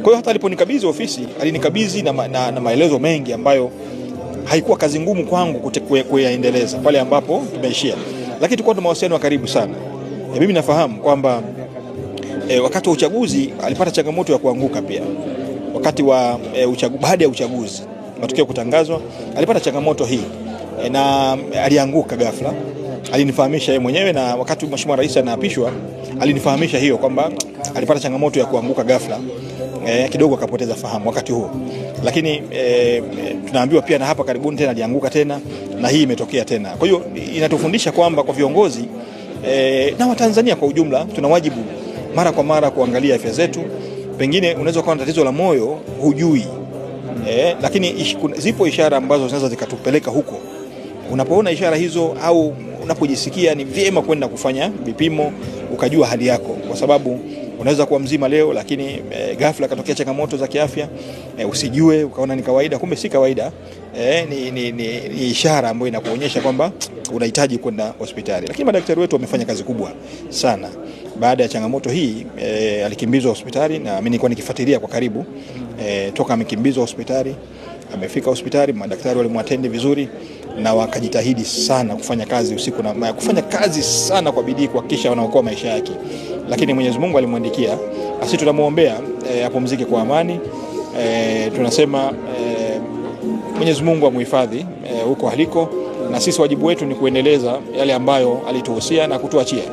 Kwa hiyo hata aliponikabidhi ofisi alinikabidhi na, ma, na, na maelezo mengi ambayo haikuwa kazi ngumu kwangu kuyaendeleza pale ambapo tumeishia, lakini tulikuwa na mawasiliano ya karibu sana. E, mimi nafahamu kwamba e, wakati wa uchaguzi alipata changamoto ya kuanguka pia wakati wa e, uchagu, baada ya uchaguzi matokeo kutangazwa alipata changamoto hii e, na alianguka ghafla. Alinifahamisha yeye mwenyewe na wakati Mheshimiwa Rais anaapishwa alinifahamisha hiyo kwamba alipata changamoto ya kuanguka ghafla e, kidogo akapoteza fahamu wakati huo, lakini e, tunaambiwa pia na hapa karibuni tena alianguka tena na hii imetokea tena. Kwa hiyo inatufundisha kwamba kwa viongozi e, na Watanzania kwa ujumla tuna wajibu mara kwa mara kuangalia afya zetu. Pengine unaweza kuwa na tatizo la moyo hujui e, lakini zipo ishara ambazo zinaweza zikatupeleka huko. Unapoona ishara hizo au unapojisikia ni vyema kwenda kufanya vipimo ukajua hali yako, kwa sababu Unaweza kuwa mzima leo, lakini e, ghafla katokea changamoto za kiafya e, usijue ukaona ni kawaida, kumbe si kawaida e, ni, ni, ni, ni ishara ambayo inakuonyesha kwamba unahitaji kwenda hospitali. Lakini madaktari wetu wamefanya kazi kubwa sana. Baada ya changamoto hii e, alikimbizwa hospitali na mimi nilikuwa nikifuatilia kwa karibu e, toka amekimbizwa hospitali amefika hospitali, madaktari walimwatendi vizuri na wakajitahidi sana kufanya kazi usiku na kufanya kazi sana kwa bidii kuhakikisha wanaokoa maisha yake, lakini Mwenyezi Mungu alimwandikia. Asi tunamwombea e, eh, apumzike kwa amani e, tunasema e, Mwenyezi Mungu amuhifadhi huko e, aliko, na sisi wajibu wetu ni kuendeleza yale ambayo alituhusia na kutuachia.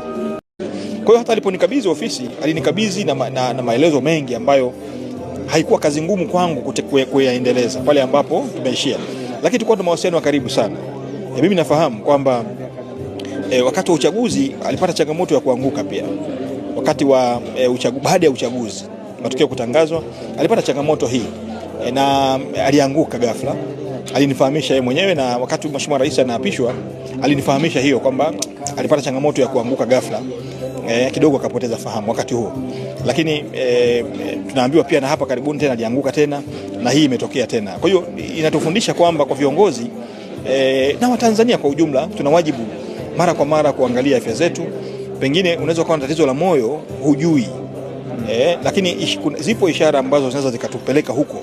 Kwa hiyo hata aliponikabidhi ofisi alinikabidhi na, ma, na, na maelezo mengi ambayo haikuwa kazi ngumu kwangu kuyaendeleza pale ambapo tumeishia lakini tulikuwa na mawasiliano ya karibu sana. E, mimi nafahamu kwamba e, wakati wa uchaguzi alipata changamoto ya kuanguka pia wakati wa e, uchagu, baada ya uchaguzi matokeo kutangazwa alipata changamoto hii e, na alianguka ghafla. Alinifahamisha yeye mwenyewe na wakati Mheshimiwa Rais anaapishwa alinifahamisha hiyo kwamba alipata changamoto ya kuanguka ghafla eh, kidogo akapoteza fahamu wakati huo, lakini eh, tunaambiwa pia na hapa karibuni tena alianguka tena na hii imetokea tena. Kwa hiyo inatufundisha kwamba kwa viongozi eh, na Watanzania kwa ujumla tuna wajibu mara kwa mara kuangalia afya zetu. Pengine unaweza kuwa na tatizo la moyo hujui, eh, lakini ish, kuna, zipo ishara ambazo zinaweza zikatupeleka huko.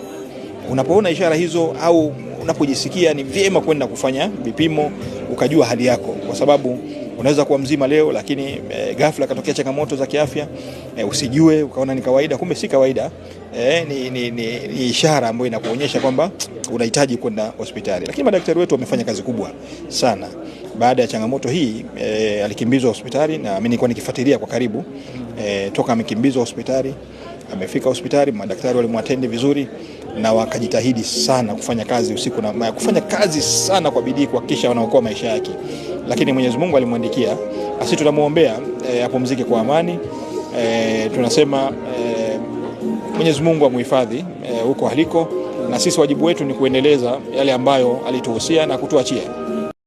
Unapoona ishara hizo au unapojisikia ni vyema kwenda kufanya vipimo ukajua hali yako, kwa sababu unaweza kuwa mzima leo, lakini e, ghafla katokea changamoto za kiafya e, usijue ukaona ni kawaida, kumbe si kawaida e, ni, ni, ni, ni ishara ambayo inakuonyesha kwamba unahitaji kwenda hospitali. Lakini madaktari wetu wamefanya kazi kubwa sana. Baada ya changamoto hii e, alikimbizwa hospitali na mimi nilikuwa nikifuatilia kwa karibu e, toka amekimbizwa hospitali amefika hospitali, madaktari walimwatendi vizuri na wakajitahidi sana kufanya kazi usiku na kufanya kazi sana kwa bidii kuhakikisha wanaokoa maisha yake lakini Mwenyezi Mungu alimwandikia. Asi tunamwombea e, eh, apumzike kwa amani eh, tunasema e, Mwenyezi Mungu amuhifadhi huko aliko, na sisi wajibu wetu ni kuendeleza yale ambayo alituhusia na kutuachia.